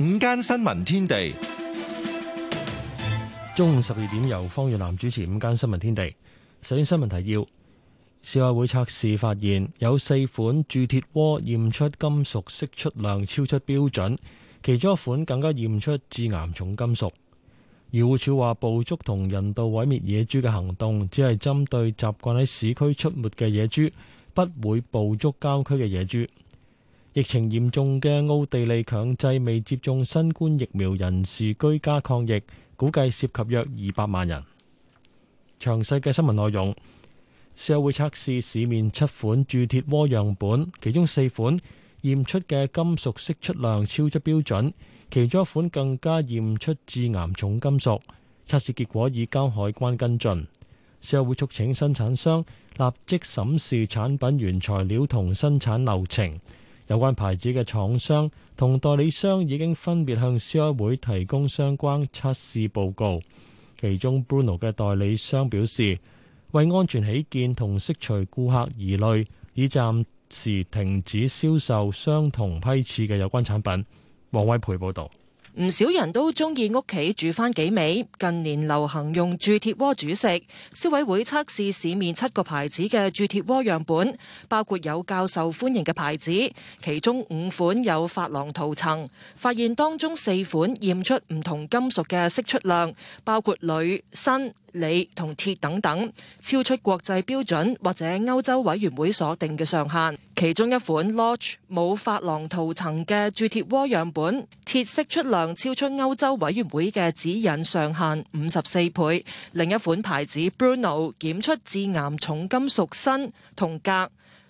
午間新聞天地，中午十二點由方月南主持《午間新聞天地》。首先新聞提要：消委會測試發現，有四款鑄鐵鍋驗出金屬析出量超出標準，其中一款更加驗出致癌重金屬。漁護署話，捕捉同人道毀滅野豬嘅行動，只係針對習慣喺市區出沒嘅野豬，不會捕捉郊區嘅野豬。疫情嚴重嘅奧地利強制未接種新冠疫苗人士居家抗疫，估計涉及約二百萬人。詳細嘅新聞內容，社會測試市面七款鑄鐵鍋樣本，其中四款驗出嘅金屬釋出量超出標準，其中一款更加驗出致癌重金屬。測試結果已交海關跟進。社會促請生產商立即審視產品原材料同生產流程。有關牌子嘅廠商同代理商已經分別向消委會提供相關測試報告，其中 Bruno 嘅代理商表示，為安全起見同釋除顧客疑慮，已暫時停止銷售相同批次嘅有關產品。黃偉培報導。唔少人都中意屋企煮翻幾味，近年流行用鑄鐵鍋煮食。消委會測試市面七個牌子嘅鑄鐵鍋樣本，包括有較受歡迎嘅牌子，其中五款有珐琅塗層，發現當中四款驗出唔同金屬嘅釋出量，包括鋁、鋅。鋰同鐵等等超出國際標準或者歐洲委員會所定嘅上限。其中一款 Lodge 冇珐琅塗層嘅鑄鐵鍋樣本，鐵色出量超出歐洲委員會嘅指引上限五十四倍。另一款牌子 Bruno 檢出致癌重金屬砷同鎘。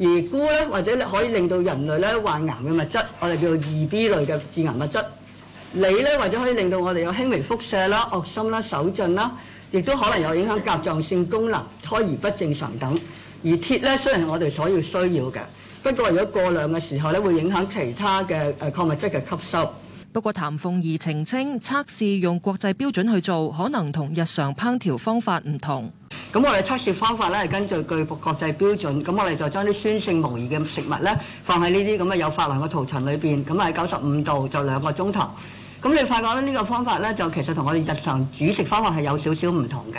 而菇咧，或者可以令到人類咧患癌嘅物質，我哋叫做二 B 類嘅致癌物質。鋁咧，或者可以令到我哋有輕微輻射啦、噁心啦、手震啦，亦都可能有影響甲狀腺功能、胎兒不正常等。而鐵咧，雖然係我哋所要需要嘅，不過如果過量嘅時候咧，會影響其他嘅礦物質嘅吸收。不過譚鳳儀澄清，測試用國際標準去做，可能同日常烹調方法唔同。咁我哋測試方法咧係根據具複國際標準，咁我哋就將啲酸性模擬嘅食物咧放喺呢啲咁嘅有琺瑯嘅塗層裏邊，咁喺九十五度就兩個鐘頭。咁你發覺咧呢個方法咧就其實同我哋日常煮食方法係有少少唔同嘅。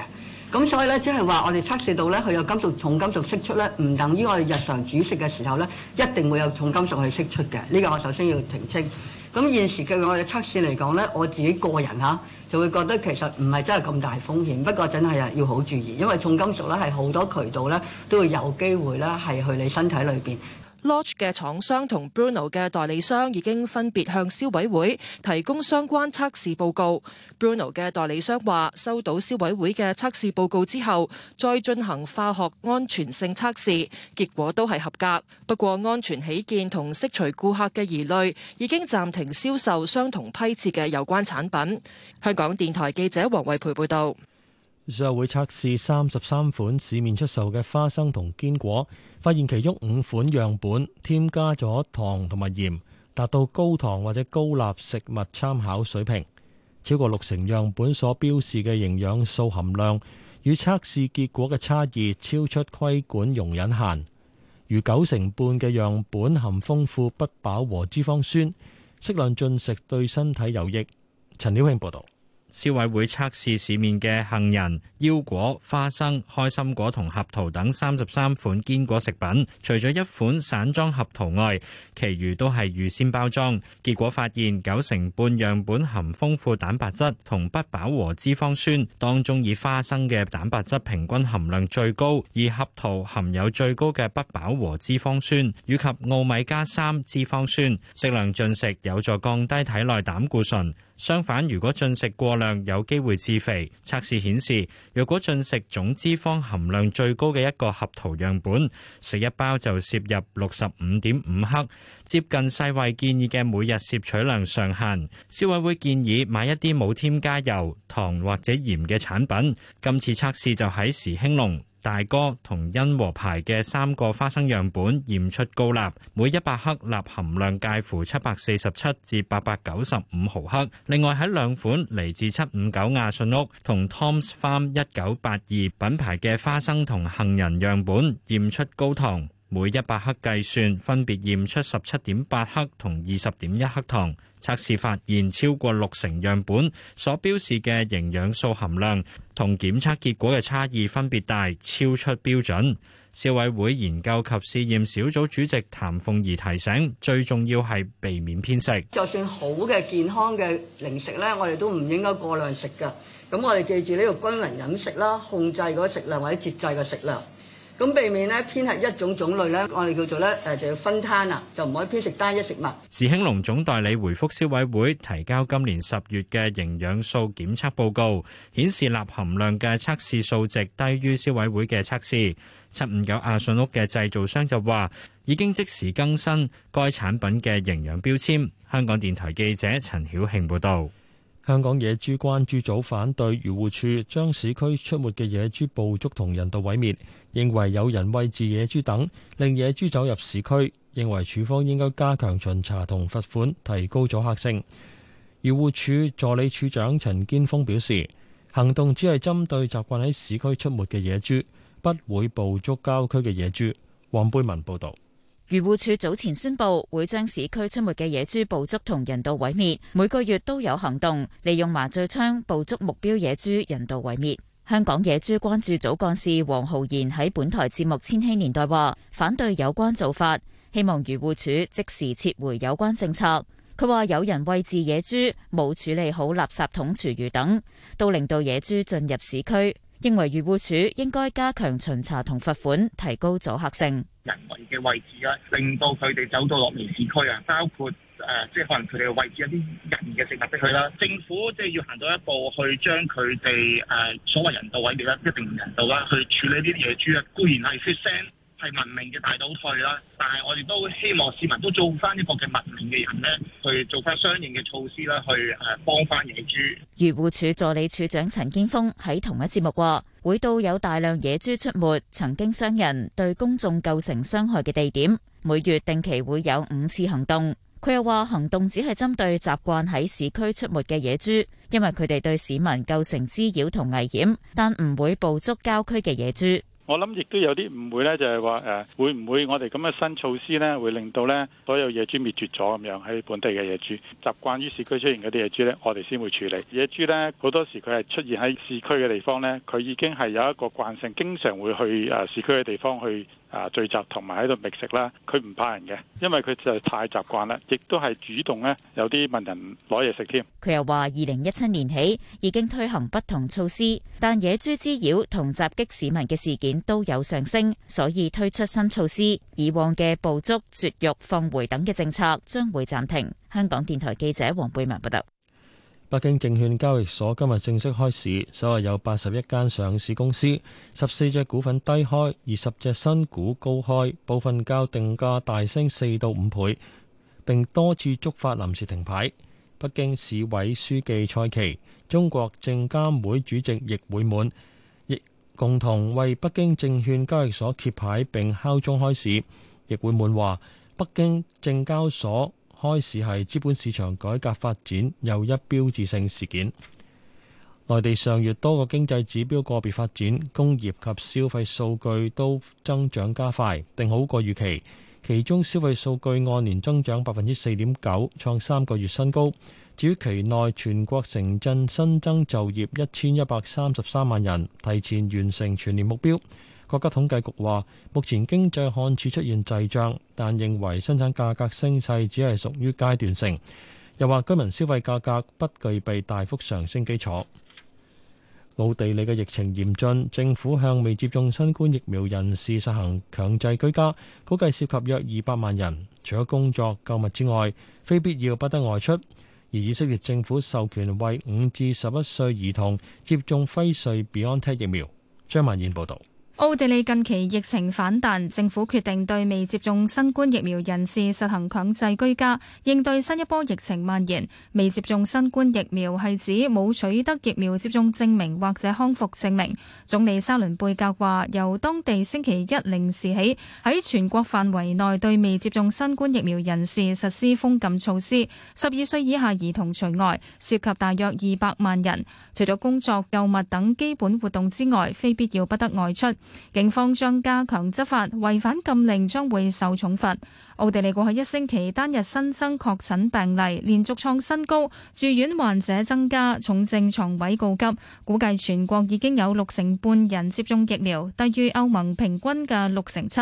咁所以咧即係話我哋測試到咧佢有金屬重金屬釋出咧，唔等於我哋日常煮食嘅時候咧一定會有重金屬去釋出嘅。呢個我首先要澄清。咁現時嘅我嘅測試嚟講咧，我自己個人嚇、啊、就會覺得其實唔係真係咁大風險，不過真係啊要好注意，因為重金屬咧係好多渠道咧都會有機會咧係去你身體裏面。Lodge 嘅廠商同 Bruno 嘅代理商已經分別向消委會提供相關測試報告。Bruno 嘅代理商話：收到消委會嘅測試報告之後，再進行化學安全性測試，結果都係合格。不過，安全起見，同釋除顧客嘅疑慮，已經暫停銷售相同批次嘅有關產品。香港電台記者黃慧培報道。就會測試三十三款市面出售嘅花生同堅果，發現其中五款樣本添加咗糖同埋鹽，達到高糖或者高鈉食物參考水平。超過六成樣本所標示嘅營養素含量與測試結果嘅差異超出規管容忍限，如九成半嘅樣本含豐富不飽和脂肪酸，適量進食對身體有益。陳曉慶報導。消委會測試市面嘅杏仁、腰果、花生、開心果同合桃等三十三款堅果食品，除咗一款散裝合桃外，其餘都係預先包裝。結果發現九成半樣本含豐富蛋白質同不飽和脂肪酸，當中以花生嘅蛋白質平均含量最高，而合桃含有最高嘅不飽和脂肪酸以及奧米加三脂肪酸。適量進食有助降低體內膽固醇。相反，如果進食過量，有機會致肥。測試顯示，若果進食總脂肪含量最高嘅一個合桃樣本，食一包就攝入六十五點五克，接近世衛建議嘅每日攝取量上限。消委會建議買一啲冇添加油、糖或者鹽嘅產品。今次測試就喺時興隆。大哥同恩和牌嘅三個花生樣本驗出高鈉，每一百克鈉含量介乎七百四十七至八百九十五毫克。另外喺兩款嚟自七五九阿信屋同 Tom's Farm 一九八二品牌嘅花生同杏仁樣本驗出高糖。每一百克計算，分別驗出十七點八克同二十點一克糖。測試發現，超過六成樣本所標示嘅營養素含量同檢測結果嘅差異分別大，超出標準。消委會研究及試驗小組主席譚鳳儀提醒，最重要係避免偏食。就算好嘅健康嘅零食咧，我哋都唔應該過量食㗎。咁我哋記住呢個均衡飲食啦，控制嗰食量或者節制個食量。咁避免咧，偏係一種種類咧，我哋叫做咧，誒就要分攤啊，就唔可以偏食單一食物。時興隆總代理回覆消委會提交今年十月嘅營養素檢測報告，顯示鈉含量嘅測試數值低於消委會嘅測試。七五九阿信屋嘅製造商就話已經即時更新該產品嘅營養標籤。香港電台記者陳曉慶報導。香港野豬關注組反對漁護處將市區出沒嘅野豬捕捉同人道毀滅。認為有人餵飼野豬等，令野豬走入市區。認為署方應該加強巡查同罰款，提高阻嚇性。漁護署助理署長陳堅鋒表示，行動只係針對習慣喺市區出沒嘅野豬，不會捕捉郊區嘅野豬。黃貝文報道。漁護署早前宣布會將市區出沒嘅野豬捕捉同人道毀滅，每個月都有行動，利用麻醉槍捕捉目標野豬，人道毀滅。香港野豬關注組幹事黃浩然喺本台節目《千禧年代》話，反對有關做法，希望漁護署即時撤回有關政策。佢話有人餵飼野豬，冇處理好垃圾桶、廚餘等，都令到野豬進入市區。認為漁護署應該加強巡查同罰款，提高阻吓性。人為嘅位置啊，令到佢哋走到落嚟市區啊，包括。誒，即係可能佢哋位置有啲人嘅食物俾佢啦。政府即係要行到一步去將佢哋誒所謂人道毀滅啦，一定人道啦，去處理啲野豬啊。固然係説聲係文明嘅大倒退啦，但係我哋都希望市民都做翻一個嘅文明嘅人咧，去做翻相應嘅措施啦，去誒幫翻野豬。漁護署助理署長陳建峰喺同一節目話，會到有大量野豬出沒，曾經傷人，對公眾構成傷害嘅地點，每月定期會有五次行動。佢又話行動只係針對習慣喺市區出沒嘅野豬，因為佢哋對市民構成滋擾同危險，但唔會捕捉郊區嘅野豬。我諗亦都有啲誤會咧，就係話誒，會唔會我哋咁嘅新措施咧，會令到咧所有野豬滅絕咗咁樣？喺本地嘅野豬習慣於市區出現嗰啲野豬咧，我哋先會處理野豬咧。好多時佢係出現喺市區嘅地方咧，佢已經係有一個慣性，經常會去誒市區嘅地方去。啊！聚集同埋喺度覓食啦，佢唔怕人嘅，因為佢就係太習慣啦，亦都係主動咧，有啲問人攞嘢食添。佢又話二零一七年起已經推行不同措施，但野豬滋擾同襲擊市民嘅事件都有上升，所以推出新措施。以往嘅捕捉、絕育、放回等嘅政策將會暫停。香港電台記者黃貝文報道。北京證券交易所今日正式開市，首日有八十一間上市公司，十四隻股份低開，二十隻新股高開，部分交定價大升四到五倍，並多次觸發臨時停牌。北京市委書記蔡奇、中國證監會主席易會滿亦共同為北京證券交易所揭牌並敲鐘開市。易會滿話北京證交所。開始係資本市場改革發展又一標誌性事件。內地上月多個經濟指標個別發展，工業及消費數據都增長加快，定好過預期。其中消費數據按年增長百分之四點九，創三個月新高。至於期內全國城鎮新增就業一千一百三十三萬人，提前完成全年目標。國家統計局話，目前經濟看似出現滯脹，但認為生產價格升勢只係屬於階段性。又話居民消費價格不具備大幅上升基礎。奧地利嘅疫情嚴峻，政府向未接種新冠疫苗人士實行強制居家，估計涉及約二百萬人。除咗工作、購物之外，非必要不得外出。而以色列政府授權為五至十一歲兒童接種輝瑞 BioNTech 疫苗。張曼燕報導。奧地利近期疫情反彈，政府決定對未接種新冠疫苗人士實行強制居家，應對新一波疫情蔓延。未接種新冠疫苗係指冇取得疫苗接種證明或者康復證明。總理沙倫貝格話：由當地星期一零時起，喺全國範圍內對未接種新冠疫苗人士實施封禁措施，十二歲以下兒童除外，涉及大約二百萬人。除咗工作、購物等基本活動之外，非必要不得外出。警方將加強執法，違反禁令將會受重罰。奧地利過去一星期單日新增確診病例連續創新高，住院患者增加，重症床位告急。估計全國已經有六成半人接種疫苗，低於歐盟平均嘅六成七。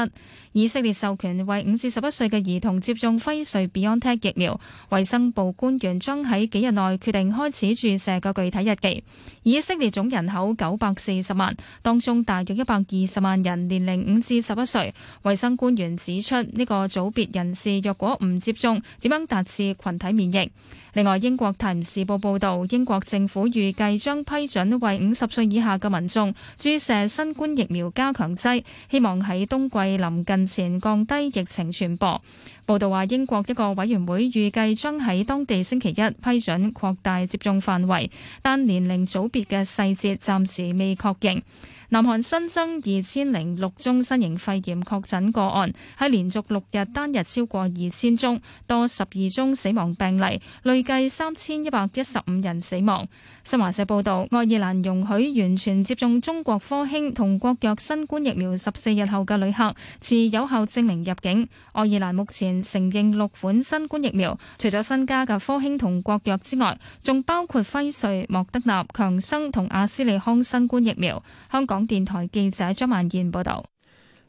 以色列授權為五至十一歲嘅兒童接種輝瑞 BioNTech 疫苗，衛生部官員將喺幾日內決定開始注射嘅具體日期。以色列總人口九百四十萬，當中大約一百二十萬人年齡五至十一歲。衛生官員指出呢個組別人士若果唔接種，點樣達至群體免疫？另外，英國《泰晤士報》報導，英國政府預計將批准為五十歲以下嘅民眾注射新冠疫苗加強劑，希望喺冬季臨近前降低疫情傳播。報導話，英國一個委員會預計將喺當地星期一批准擴大接種範圍，但年齡組別嘅細節暫時未確認。南韓新增二千零六宗新型肺炎確診個案，喺連續六日單日超過二千宗，多十二宗死亡病例，累計三千一百一十五人死亡。新華社報道，愛爾蘭容許完全接種中國科興同國藥新冠疫苗十四日後嘅旅客持有效證明入境。愛爾蘭目前承認六款新冠疫苗，除咗新加嘅科興同國藥之外，仲包括輝瑞、莫德納、強生同阿斯利康新冠疫苗。香港電台記者張萬燕報道。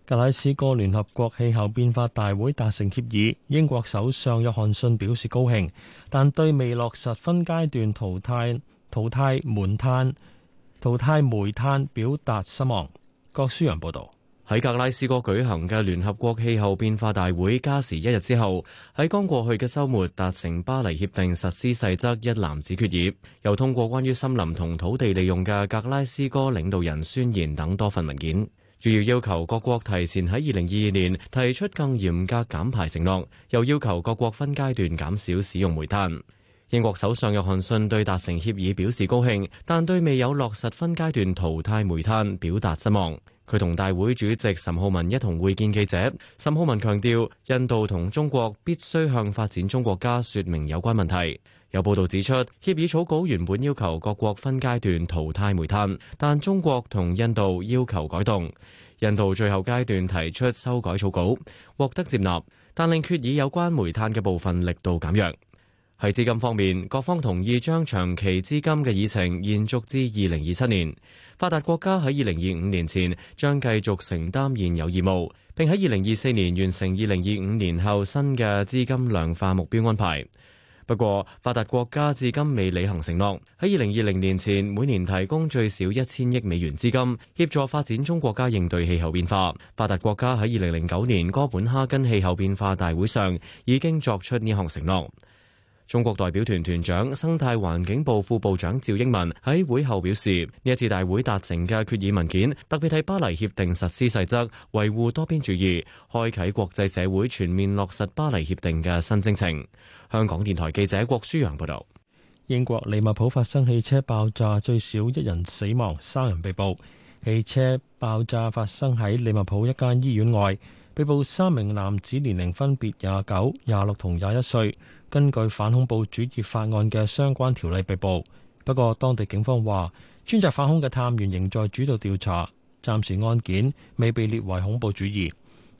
格拉斯哥聯合國氣候變化大會達成協議，英國首相約翰遜表示高興，但對未落實分階段淘汰。淘汰煤炭，淘汰煤炭表達失望。郭書陽報道。喺格拉斯哥舉行嘅聯合國氣候變化大會，加時一日之後，喺剛過去嘅周末達成巴黎協定實施細則一攬子決議，又通過關於森林同土地利用嘅格拉斯哥領導人宣言等多份文件，主要要求各國提前喺二零二二年提出更嚴格減排承諾，又要求各國分階段減少使用煤炭。英國首相約翰遜對達成協議表示高興，但對未有落實分階段淘汰煤炭表達失望。佢同大會主席岑浩文一同會見記者。岑浩文強調，印度同中國必須向發展中國家說明有關問題。有報道指出，協議草稿原本要求各國分階段淘汰煤炭，但中國同印度要求改動。印度最後階段提出修改草稿，獲得接納，但令決議有關煤炭嘅部分力度減弱。喺資金方面，各方同意將長期資金嘅議程延續至二零二七年。發達國家喺二零二五年前將繼續承擔現有義務，並喺二零二四年完成二零二五年後新嘅資金量化目標安排。不過，發達國家至今未履行承諾，喺二零二零年前每年提供最少一千億美元資金協助發展中國家應對氣候變化。發達國家喺二零零九年哥本哈根氣候變化大會上已經作出呢項承諾。中國代表團團長、生態環境部副部長趙英民喺會後表示，呢一次大會達成嘅決議文件，特別係《巴黎協定》實施細則，維護多邊主義，開啟國際社會全面落實《巴黎協定》嘅新征程。香港電台記者郭舒揚報道。英國利物浦發生汽車爆炸，最少一人死亡，三人被捕。汽車爆炸發生喺利物浦一間醫院外，被捕三名男子年齡分別廿九、廿六同廿一歲。根據反恐怖主義法案嘅相關條例被捕，不過當地警方話，專責反恐嘅探員仍在主導調查，暫時案件未被列為恐怖主義。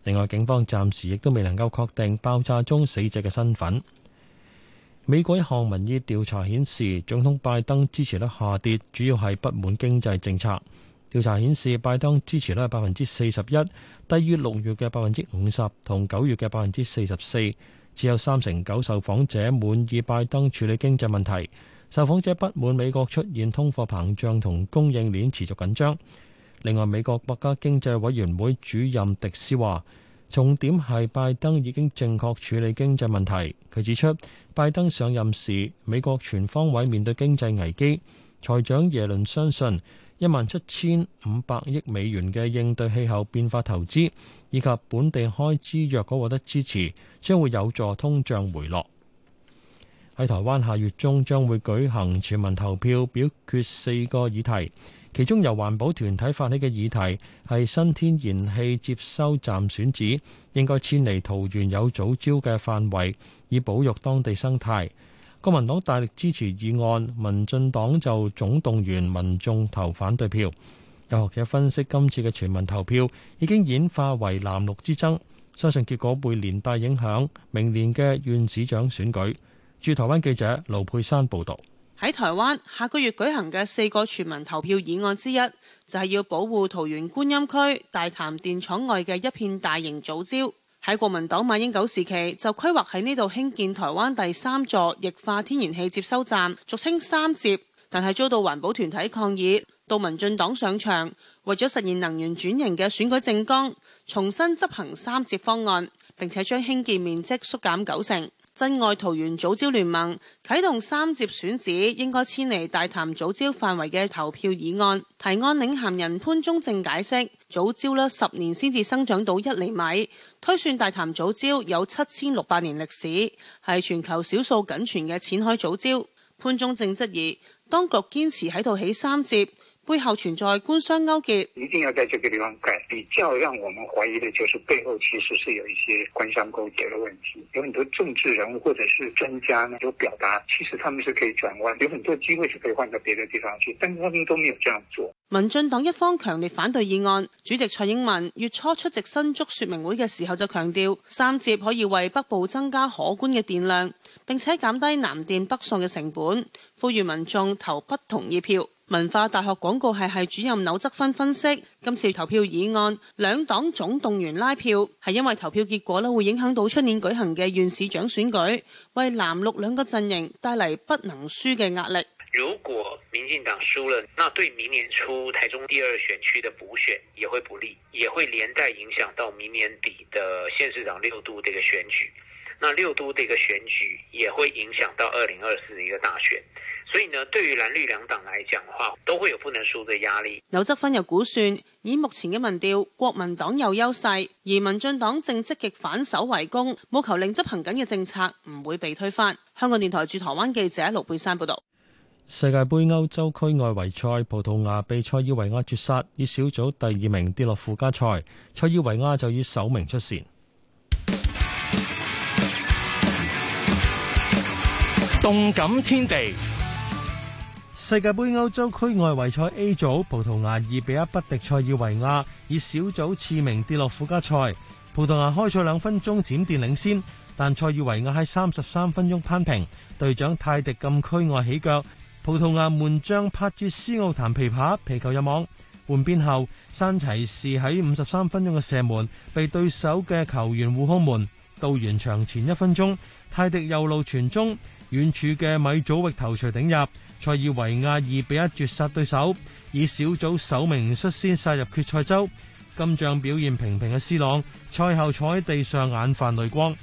另外，警方暫時亦都未能夠確定爆炸中死者嘅身份。美國一項民意調查顯示，總統拜登支持率下跌，主要係不滿經濟政策。調查顯示，拜登支持率係百分之四十一，低於六月嘅百分之五十同九月嘅百分之四十四。只有三成九受訪者滿意拜登處理經濟問題，受訪者不滿美國出現通貨膨脹同供應鏈持續緊張。另外，美國國家經濟委員會主任迪斯話：重點係拜登已經正確處理經濟問題。佢指出，拜登上任時，美國全方位面對經濟危機。財長耶倫相信，一萬七千五百億美元嘅應對氣候變化投資，以及本地開支若果獲得支持，將會有助通脹回落。喺台灣下月中將會舉行全民投票，表決四個議題，其中由環保團體發起嘅議題係新天然氣接收站選址應該遷離桃園有藻礁嘅範圍，以保育當地生態。國民黨大力支持議案，民進黨就總動員民眾投反對票。有學者分析，今次嘅全民投票已經演化為藍綠之爭，相信結果會連帶影響明年嘅縣市長選舉。駐台灣記者盧佩珊報道：喺台灣下個月舉行嘅四個全民投票議案之一，就係、是、要保護桃園觀音區大潭電廠外嘅一片大型藻礁。喺國民黨馬英九時期就規劃喺呢度興建台灣第三座液化天然氣接收站，俗稱三接，但係遭到環保團體抗議。到民進黨上場，為咗實現能源轉型嘅選舉政綱，重新執行三接方案，並且將興建面積縮減九成。珍愛桃園藻礁聯盟啟動三接選址，應該遷離大潭藻礁範圍嘅投票議案提案領銜人潘忠政解釋：藻礁呢十年先至生長到一厘米，推算大潭藻礁有七千六百年歷史，係全球少數僅存嘅淺海藻礁。潘忠政質疑當局堅持喺度起三接。背後存在官商勾結，一定要在這個地方改。比較讓我們懷疑的就是背後其實是有一些官商勾結的問題。有很多政治人物或者是專家呢，都表達其實他們是可以轉彎，有很多機會是可以換到別的地方去，但係他們都沒有這樣做。民進黨一方強烈反對議案，主席蔡英文月初出席新竹說明會嘅時候就強調，三接可以為北部增加可觀嘅電量，並且減低南電北送嘅成本，呼籲民眾投不同意票。文化大學廣告系系主任柳則芬分析，今次投票議案兩黨總動員拉票，係因為投票結果呢會影響到出年舉行嘅縣市長選舉，為藍綠兩個陣營帶嚟不能輸嘅壓力。如果民進黨輸了，那對明年初台中第二選區的補選也會不利，也會連帶影響到明年底的縣市長六都這個選舉，那六都這個選舉也會影響到二零二四一個大選。所以呢，對於藍綠兩黨嚟講話，都會有不能輸的壓力。劉澤分、有估算，以目前嘅民調，國民黨有優勢，而民進黨正積極反守為攻，務求令執行緊嘅政策唔會被推翻。香港電台駐台灣記者盧佩珊報道。世界杯歐洲區外圍賽，葡萄牙被塞爾維亞絕殺，以小組第二名跌落附加賽，塞爾維亞就以首名出線。動感天地。世界盃歐洲區外圍賽 A 組，葡萄牙二比一不敵塞爾維亞，以小組次名跌落附加賽。葡萄牙開賽兩分鐘閃電領先，但塞爾維亞喺三十三分鐘攀平。隊長泰迪禁區外起腳，葡萄牙門將帕住斯奧彈皮球，皮球入網。換邊後，山齊士喺五十三分鐘嘅射門被對手嘅球員護空門。到完場前一分鐘，泰迪右路傳中，遠處嘅米祖域頭錘頂入。塞爾維亞二比一絕殺對手，以小組首名率先殺入決賽周。今仗表現平平嘅斯朗，賽後坐喺地上眼泛淚光。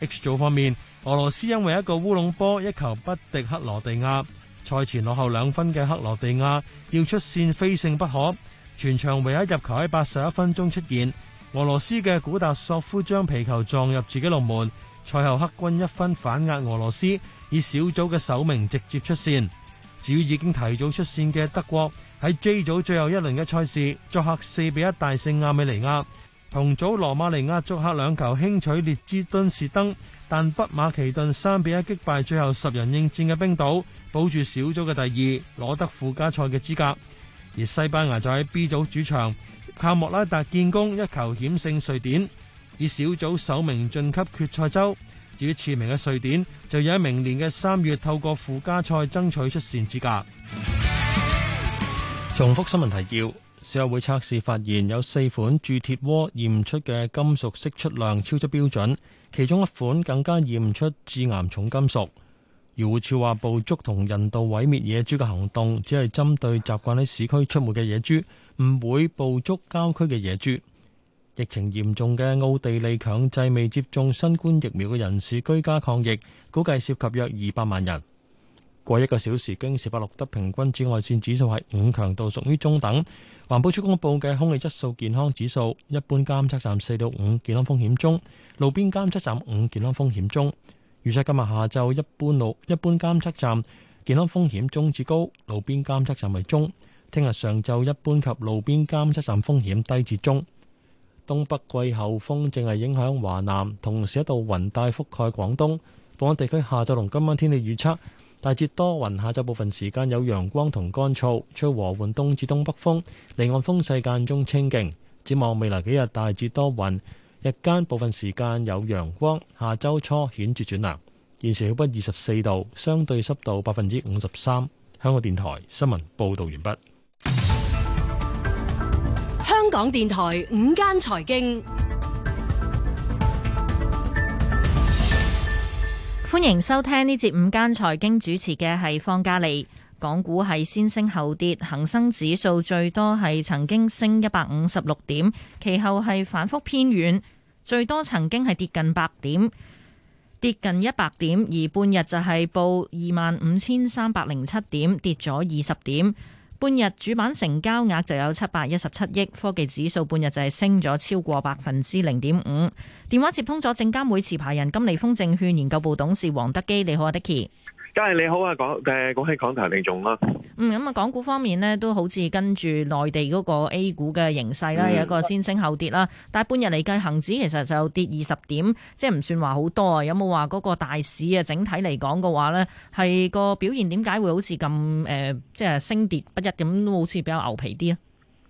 H 組方面，俄羅斯因為一個烏龍波一球不敵克羅地亞，賽前落後兩分嘅克羅地亞要出線非勝不可。全場唯一入球喺八十一分鐘出現，俄羅斯嘅古達索夫將皮球撞入自己龍門。賽後黑軍一分反壓俄羅斯，以小組嘅首名直接出線。至於已經提早出線嘅德國喺 J 組最後一輪嘅賽事，作客四比一大勝亞美尼亞；同組羅馬尼亞作客兩球輕取列支敦士登，但北馬其頓三比一擊敗最後十人應戰嘅冰島，保住小組嘅第二，攞得附加賽嘅資格。而西班牙就喺 B 組主場靠莫拉達建功一球險勝瑞典，以小組首名晉級決賽周。至於次名嘅瑞典，就喺明年嘅三月透過附加賽爭取出線資格。重複新聞提要，消委會測試發現有四款鑄鐵鍋驗出嘅金屬釋出量超出標準，其中一款更加驗出致癌重金屬。漁護署話，捕捉同人道毀滅野豬嘅行動只係針對習慣喺市區出沒嘅野豬，唔會捕捉郊區嘅野豬。疫情嚴重嘅奧地利，強制未接種新冠疫苗嘅人士居家抗疫，估計涉及約二百萬人。過一個小時，京士柏錄得平均紫外線指數係五，強度屬於中等。環保署公布嘅空氣質素健康指數，一般監測站四到五，健康風險中；路邊監測站五，健康風險中。預測今日下晝一般路一般監測站健康風險中至高，路邊監測站為中。聽日上晝一般及路邊監測站風險低至中。東北季候風正係影響華南，同時一度雲帶覆蓋廣東。本港地區下晝同今晚天氣預測：大致多雲，下晝部分時間有陽光同乾燥，吹和緩東至東北風，離岸風勢間中清勁。展望未來幾日，大致多雲，日間部分時間有陽光，下周初顯著轉涼。現時氣溫二十四度，相對濕度百分之五十三。香港電台新聞報道完畢。香港電台午間財經，歡迎收聽呢節午間財經，主持嘅係方嘉利。港股係先升後跌，恒生指數最多係曾經升一百五十六點，其後係反復偏軟，最多曾經係跌近百點，跌近一百點，而半日就係報二萬五千三百零七點，跌咗二十點。半日主板成交額就有七百一十七億，科技指數半日就係升咗超過百分之零點五。電話接通咗證監會持牌人金利豐證券研究部董事黃德基，你好啊，Dickie。你好啊，講誒，講起港台利仲啦。嗯，咁啊，港股方面呢，都好似跟住內地嗰個 A 股嘅形勢啦，有一個先升後跌啦。但係半日嚟計，恒指其實就跌二十點，即係唔算話好多啊。有冇話嗰個大市啊，整體嚟講嘅話呢，係個表現點解會好似咁誒，即係升跌不一咁，好似比較牛皮啲啊？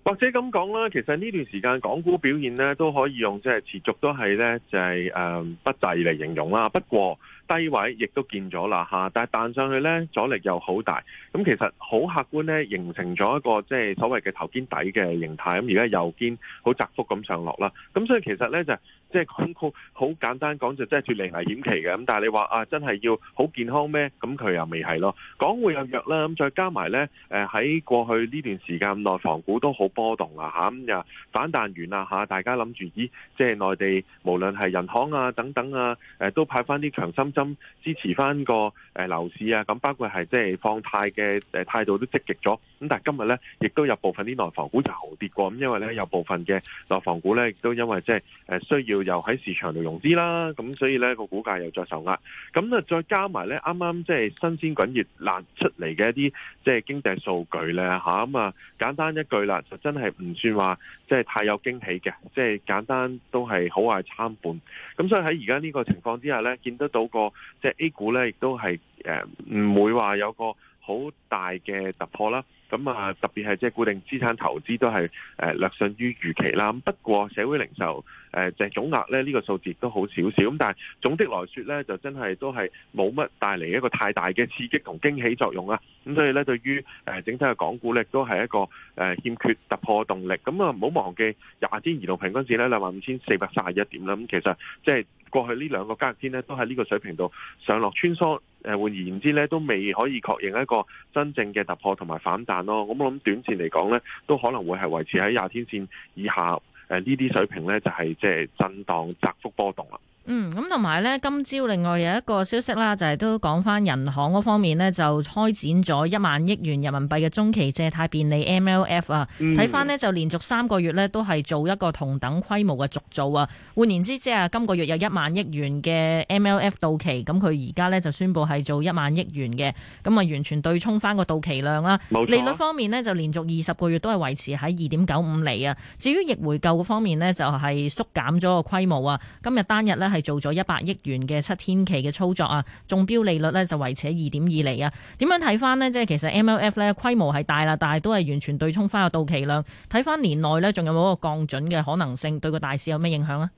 或者咁講啦，其實呢段時間港股表現呢，都可以用即係持續都係呢，就係誒不濟嚟形容啦。不過低位亦都見咗啦嚇，但係彈上去咧，阻力又好大，咁其實好客觀咧形成咗一個即係所謂嘅頭肩底嘅形態，咁而家右肩好窄幅咁上落啦，咁所以其實咧就係。即係好簡單講，就即係脫離危險期嘅。咁但係你話啊，真係要好健康咩？咁佢又未係咯。講會有弱啦。咁再加埋咧，誒喺過去呢段時間，內房股都好波動啦嚇。咁又反彈完啦嚇，大家諗住，咦？即係內地無論係銀行啊等等啊，誒都派翻啲強心針支持翻個誒樓市啊。咁包括係即係放貸嘅誒態度都積極咗。咁但係今日咧，亦都有部分啲內房股又跌過。咁因為咧有部分嘅內房股咧，亦都因為即係誒需要。又喺市場度融資啦，咁所以呢個股價又再受壓，咁啊再加埋呢啱啱即係新鮮滾熱辣出嚟嘅一啲即係經濟數據呢。吓、啊，咁啊簡單一句啦，就真係唔算話即係太有驚喜嘅，即、就、係、是、簡單都係好壞參半。咁所以喺而家呢個情況之下呢，見得到個即係、就是、A 股呢，亦都係誒唔會話有個好大嘅突破啦。咁啊特別係即係固定資產投資都係誒、呃、略遜於預期啦。不過社會零售。誒淨總額咧，呢個數字都好少少咁，但係總的來說咧，就真係都係冇乜帶嚟一個太大嘅刺激同驚喜作用啊！咁所以咧，對於整體嘅港股咧，都係一個誒欠缺突破動力。咁啊，唔好忘記廿天移動平均線咧，兩萬五千四百卅一點啦。咁其實即係過去呢兩個交易天咧，都喺呢個水平度上上落穿梭。換而言之咧，都未可以確認一個真正嘅突破同埋反彈咯。咁我諗短線嚟講咧，都可能會係維持喺廿天線以下。誒呢啲水平咧，就係即係震盪窄幅波動啦。嗯，咁同埋咧，今朝另外有一個消息啦，就係都講翻銀行嗰方面咧，就開展咗一萬億元人民幣嘅中期借貸便利 MLF 啊。睇翻咧就連續三個月咧都係做一個同等規模嘅續做啊。換言之，即係今個月有一萬億元嘅 MLF 到期，咁佢而家咧就宣佈係做一萬億元嘅，咁啊完全對沖翻個到期量啦，啊啊。利率方面咧就連續二十個月都係維持喺二點九五厘啊。至於逆回購嗰方面咧就係縮減咗個規模啊。今日單日咧。係做咗一百億元嘅七天期嘅操作啊，中標利率咧就維持喺二點二厘啊。點樣睇翻呢？即係其實 MLF 咧規模係大啦，但係都係完全對沖翻個到期量。睇翻年內咧，仲有冇一個降準嘅可能性？對個大市有咩影響啊？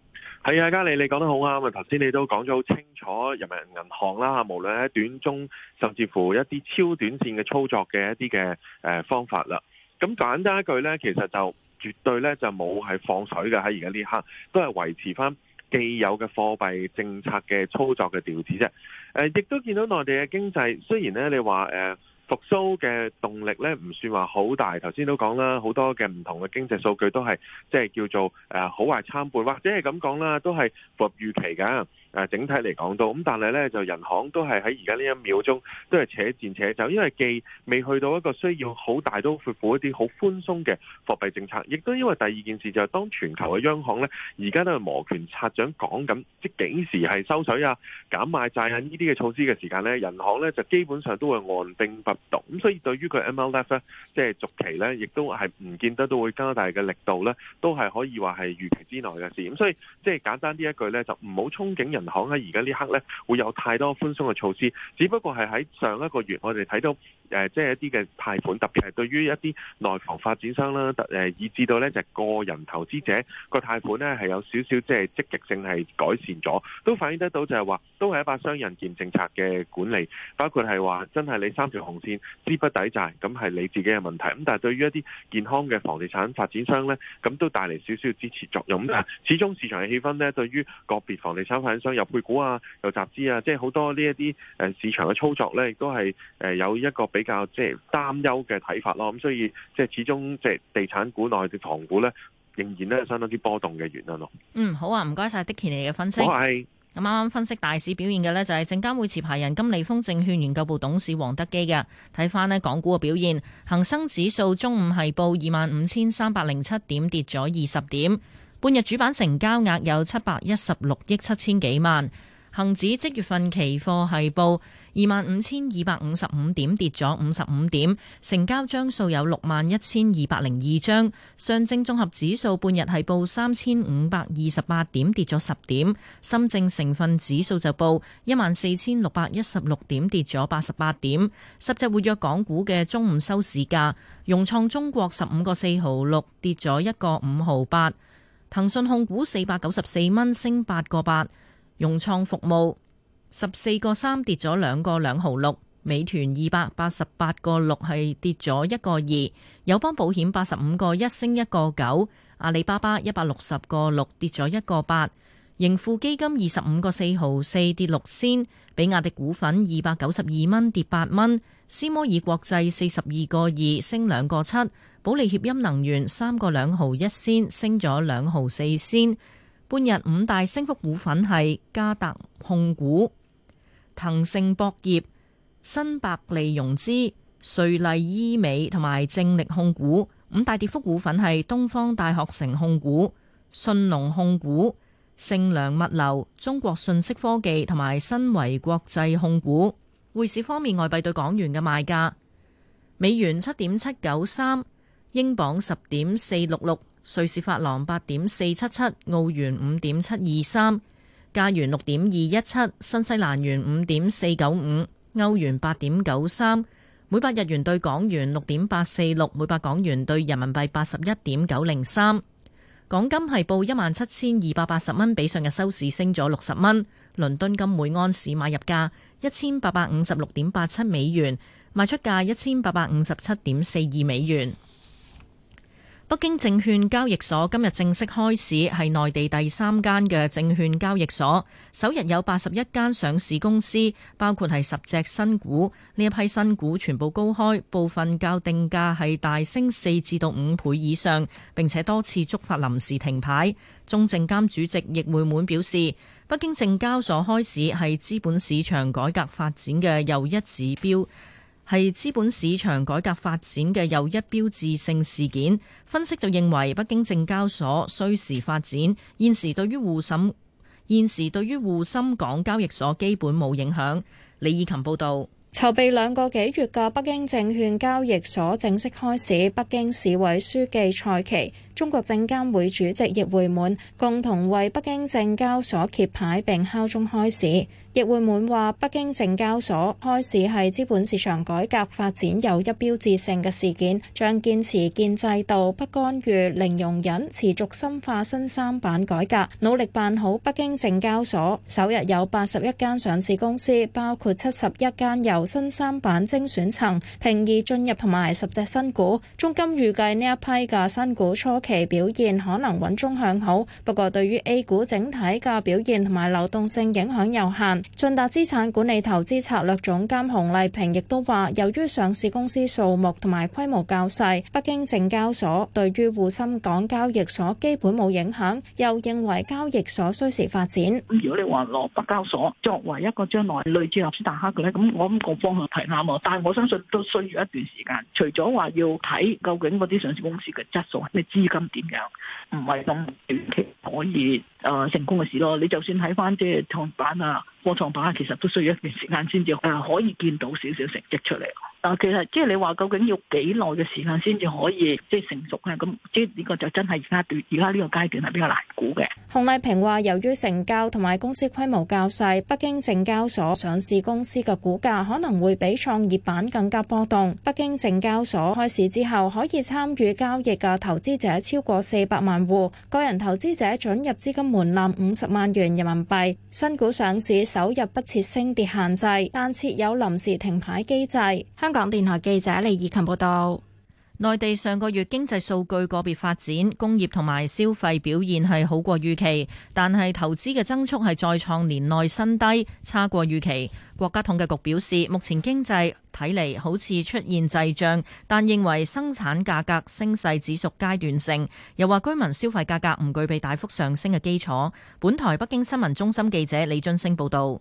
係啊，嘉莉，你講得好啱啊！頭先你都講咗好清楚，人民銀行啦，無論喺短中，甚至乎一啲超短線嘅操作嘅一啲嘅誒方法啦。咁簡單一句咧，其實就絕對咧就冇係放水嘅喺而家呢一刻，都係維持翻既有嘅貨幣政策嘅操作嘅調子啫，誒，亦都見到內地嘅經濟雖然咧，你話誒、呃、復甦嘅動力咧唔算話好大，頭先都講啦，好多嘅唔同嘅經濟數據都係即係叫做誒、呃、好壞參半，或者係咁講啦，都係符合預期㗎。誒，整體嚟講到。咁但係咧，就人行都係喺而家呢一秒鐘都係且戰且走，因為既未去到一個需要好大都闊闊一啲好寬鬆嘅貨幣政策，亦都因為第二件事就係、是，當全球嘅央行咧而家都係磨拳擦掌，講緊即幾時係收水啊、減買債啊呢啲嘅措施嘅時間咧，人行咧就基本上都會按兵不動，咁所以對於佢 MLF 咧即係續期咧，亦都係唔見得都會加大嘅力度咧，都係可以話係預期之內嘅事。咁所以即係簡單呢一句咧，就唔好憧憬人銀行喺而家呢刻咧，會有太多寬鬆嘅措施，只不過係喺上一個月，我哋睇到。誒，即係一啲嘅貸款，特別係對於一啲內房發展商啦，誒，以至到咧就個人投資者個貸款咧係有少少即係積極性係改善咗，都反映得到就係話，都係一把雙刃劍政策嘅管理，包括係話真係你三條紅線資不抵債，咁係你自己嘅問題。咁但係對於一啲健康嘅房地產發展商咧，咁都帶嚟少少支持作用。咁但係始終市場嘅氣氛咧，對於個別房地產發展商有配股啊，有集資啊，即係好多呢一啲誒市場嘅操作咧，亦都係誒有一個比比較即係擔憂嘅睇法咯，咁所以即係始終即係地產股內嘅行股咧，仍然咧相當之波動嘅原因咯。嗯，好啊，唔該晒 Dicky 你嘅分析。咁啱啱分析大市表現嘅咧，就係證監會持牌人金利豐證券研究部董事黃德基嘅。睇翻呢港股嘅表現，恒生指數中午係報二萬五千三百零七點，跌咗二十點。半日主板成交額有七百一十六億七千幾萬。恒指即月份期貨係報二萬五千二百五十五點，跌咗五十五點，成交張數有六萬一千二百零二張。上證綜合指數半日係報三千五百二十八點，跌咗十點。深證成分指數就報一萬四千六百一十六點，跌咗八十八點。十隻活躍港股嘅中午收市價，融創中國十五個四毫六，跌咗一個五毫八。騰訊控股四百九十四蚊，升八個八。融創服務十四個三跌咗兩個兩毫六，美團二百八十八個六係跌咗一個二，友邦保險八十五個一升一個九，阿里巴巴一百六十個六跌咗一個八，盈富基金二十五個四毫四跌六仙，比亞迪股份二百九十二蚊跌八蚊，斯摩爾國際四十二個二升兩個七，保利協鑫能源三個兩毫一仙升咗兩毫四仙。半日五大升幅股份係嘉特控股、騰盛博業、新百利融資、瑞麗醫美同埋正力控股；五大跌幅股份係東方大學城控股、信隆控股、盛良物流、中國信息科技同埋新維國際控股。匯市方面，外幣對港元嘅賣價：美元七點七九三，英鎊十點四六六。瑞士法郎八點四七七，澳元五點七二三，加元六點二一七，新西蘭元五點四九五，歐元八點九三，每百日元對港元六點八四六，每百港元對人民幣八十一點九零三。港金係報一萬七千二百八十蚊，比上日收市升咗六十蚊。倫敦金每安士買入價一千八百五十六點八七美元，賣出價一千八百五十七點四二美元。北京證券交易所今日正式開市，係內地第三間嘅證券交易所。首日有八十一間上市公司，包括係十隻新股。呢一批新股全部高開，部分較定價係大升四至到五倍以上，並且多次觸發臨時停牌。中證監主席易會滿表示，北京證交所開市係資本市場改革發展嘅又一指標。係資本市場改革發展嘅又一標誌性事件，分析就認為北京證交所需時發展，現時對於滬深現時對於滬深港交易所基本冇影響。李以琴報導，籌備兩個幾月嘅北京證券交易所正式開始。北京市委書記蔡奇、中國證監會主席易會滿共同為北京證交所揭牌並敲鐘開市。易會滿話，北京證交所開始係資本市場改革發展有一標誌性嘅事件，將堅持建制度、不干預、零容忍，持續深化新三板改革，努力辦好北京證交所。首日有八十一間上市公司，包括七十一間由新三板精選層平移進入同埋十隻新股。中金預計呢一批嘅新股初期表現可能穩中向好，不過對於 A 股整體嘅表現同埋流動性影響有限。駿達資產管理投資策略總監洪麗萍亦都話，由於上市公司數目同埋規模較細，北京證交所對於滬深港交易所基本冇影響。又認為交易所需時發展。如果你話攞北交所作為一個將來類似納斯達克嘅咧，咁我諗個方向係啱啊。但係我相信都需要一段時間。除咗話要睇究竟嗰啲上市公司嘅質素，咩資金點樣，唔係咁短期可以。誒、呃、成功嘅事咯，你就算睇返即係創板啊、科創板啊，其實都需要一段時間先至誒可以見到少少成績出嚟。但其實即係你話究竟要幾耐嘅時間先至可以即係成熟啊？咁即係呢個就真係而家段而家呢個階段係比較難估嘅。洪麗萍話：由於成交同埋公司規模較細，北京證交所上市公司嘅股價可能會比創業板更加波動。北京證交所開市之後，可以參與交易嘅投資者超過四百萬戶，個人投資者准入資金門檻五十萬元人民幣。新股上市首日不設升跌限制，但設有臨時停牌機制。黑香港電台記者李怡勤報道：內地上個月經濟數據個別發展，工業同埋消費表現係好過預期，但係投資嘅增速係再創年內新低，差過預期。國家統計局表示，目前經濟睇嚟好似出現滯脹，但認為生產價格升勢只屬階段性，又話居民消費價格唔具備大幅上升嘅基礎。本台北京新聞中心記者李津升報道。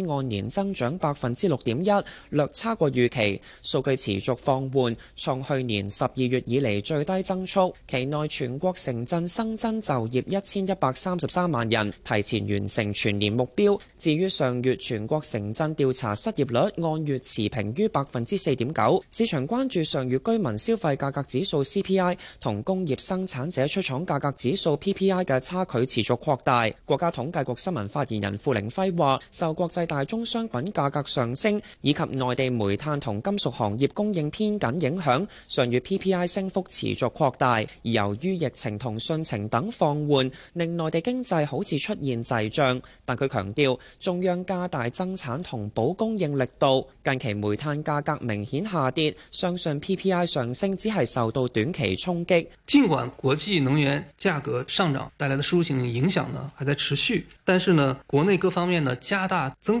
按年增長百分之六點一，略差過預期。數據持續放緩，從去年十二月以嚟最低增速。期內全國城鎮新增就業一千一百三十三萬人，提前完成全年目標。至於上月全國城鎮調查失業率按月持平於百分之四點九。市場關注上月居民消費價格指數 CPI 同工業生產者出廠價格指數 PPI 嘅差距持續擴大。國家統計局新聞發言人付凌輝話：受國際。大宗商品價格上升，以及內地煤炭同金屬行業供應偏緊影響上月 PPI 升幅持續擴大。而由於疫情同汛情等放緩，令內地經濟好似出現滯脹。但佢強調中央加大增產同保供應力度。近期煤炭價格明顯下跌，相信 PPI 上升只係受到短期衝擊，盡管國際能源價格上漲帶來的輸入性影響呢，還在持續。但是呢，國內各方面呢，加大增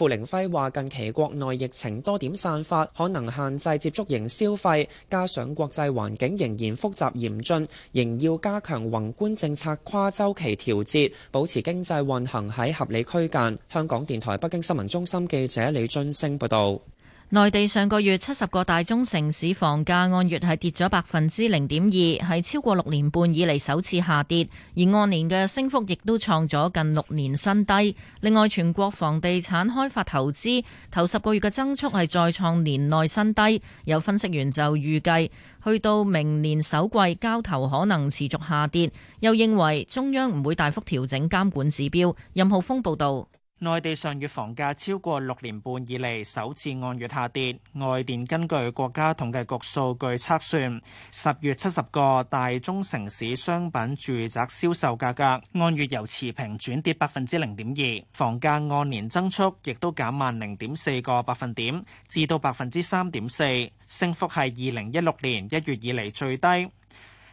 傅凌輝話：近期國內疫情多點散發，可能限制接觸型消費，加上國際環境仍然複雜嚴峻，仍要加強宏觀政策跨周期調節，保持經濟運行喺合理區間。香港電台北京新聞中心記者李津升報道。內地上個月七十個大中城市房價按月係跌咗百分之零點二，係超過六年半以嚟首次下跌，而按年嘅升幅亦都創咗近六年新低。另外，全國房地產開發投資頭十個月嘅增速係再創年內新低。有分析員就預計，去到明年首季交投可能持續下跌，又認為中央唔會大幅調整監管指標。任浩峰報導。內地上月房價超過六年半以嚟首次按月下跌。外電根據國家統計局數據測算，十月七十個大中城市商品住宅銷售價格按月由持平轉跌百分之零點二，房價按年增速亦都減慢零點四個百分點，至到百分之三點四，升幅係二零一六年一月以嚟最低。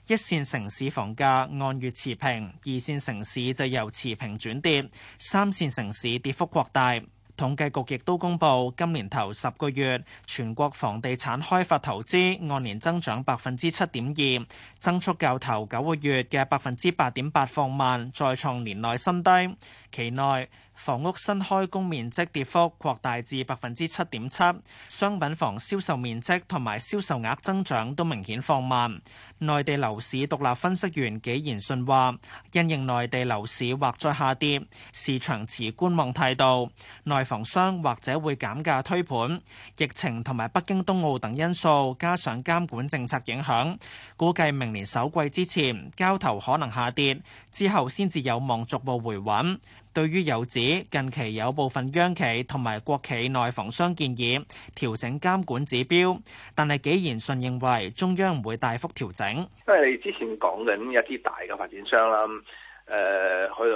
一線城市房價按月持平，二線城市就由持平轉跌，三線城市跌幅擴大。統計局亦都公布，今年頭十個月全國房地產開發投資按年增長百分之七點二，增速較頭九個月嘅百分之八點八放慢，再創年內新低。期內，房屋新開工面積跌幅擴大至百分之七點七，商品房銷售面積同埋銷售額增長都明顯放慢。內地樓市獨立分析員紀言信話，因應內地樓市或再下跌，市場持觀望態度，內房商或者會減價推盤。疫情同埋北京冬奧等因素，加上監管政策影響，估計明年首季之前交投可能下跌，之後先至有望逐步回穩。對於有指近期有部分央企同埋國企內房商建議調整監管指標，但係紀賢信認為中央唔會大幅調整，因為你之前講緊一啲大嘅發展商啦，誒去。